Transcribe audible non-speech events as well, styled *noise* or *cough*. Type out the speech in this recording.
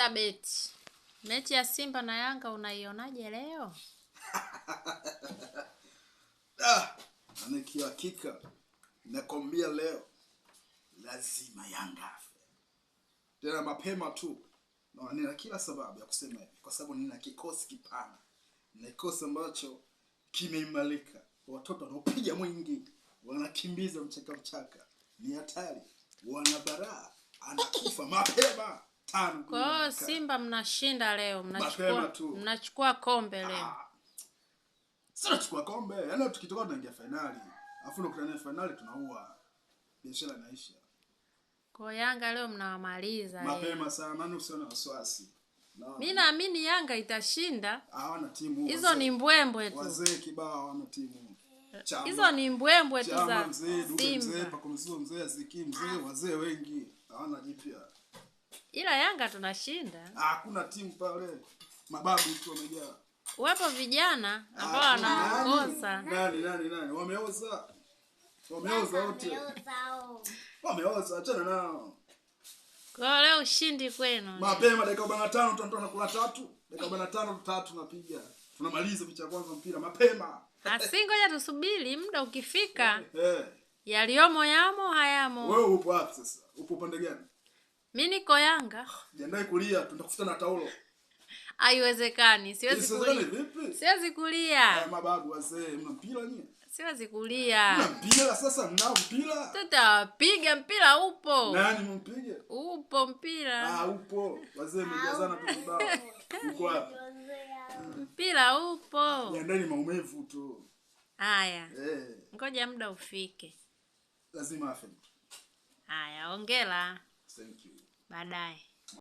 After bet. Mechi ya Simba na Yanga unaionaje leo? *laughs* Ah, hakika nakwambia leo lazima Yanga afe. Tena mapema tu. No, nina kila sababu ya kusema hivi kwa sababu nina kikosi kipana. Nina kikosi ambacho kimeimarika. Watoto wanaopiga mwingi, wanakimbiza mchaka mchaka. Ni hatari. Wana baraa anakufa mapema tano. Kwa hiyo Simba mnashinda leo, mnachukua mnachukua kombe leo. Ah. Sasa tunachukua kombe. Yaani tukitoka tunaingia finali. afu ndo kuna finali tunaua. Biashara inaisha. Kwa Yanga leo mnawamaliza. Mapema sana, nani usiona wasiwasi. No. Mimi naamini Yanga itashinda. Hawana timu. Hizo ni mbwembwe tu. Wazee kibao hawana timu. Hizo ni mbwembwe tu za Simba. Mzee, mzee, mzee, mzee, wazee wengi. Hawana jipya ila Yanga tunashinda. Hakuna timu pale, mababu tu wamejaa. Wapo vijana ah, ambao wanaongoza. Nani nani nani? Wameoza. Wameoza wote. Wameoza, achana nao. Kwa leo ushindi kwenu. Mapema dakika 45 tutaondoka na kula tatu. Dakika tano tatu napiga, Tunamaliza picha ya kwanza mpira mapema. Asi, ngoja tusubiri muda ukifika. Eh, eh. Yaliomo yamo hayamo. Wewe upo wapi sasa? Upo upande gani? Mi niko Yanga. Jiandae kulia, tutakufuta na taulo. Haiwezekani, siwezi kulia. Siwezi kulia. Mababu wazee, mna mpira nyinyi? Siwezi kulia. mpira sasa, mna mpira? Tutapiga mpira upo. Nani mpige? Upo mpira. Ah, upo. Wazee mmejazana tu kibao. Uko wapi? Mpira upo. Jiandae ni maumivu tu. Haya. Eh. Ngoja muda ufike. Lazima afe. Haya, ongela. Baadaye.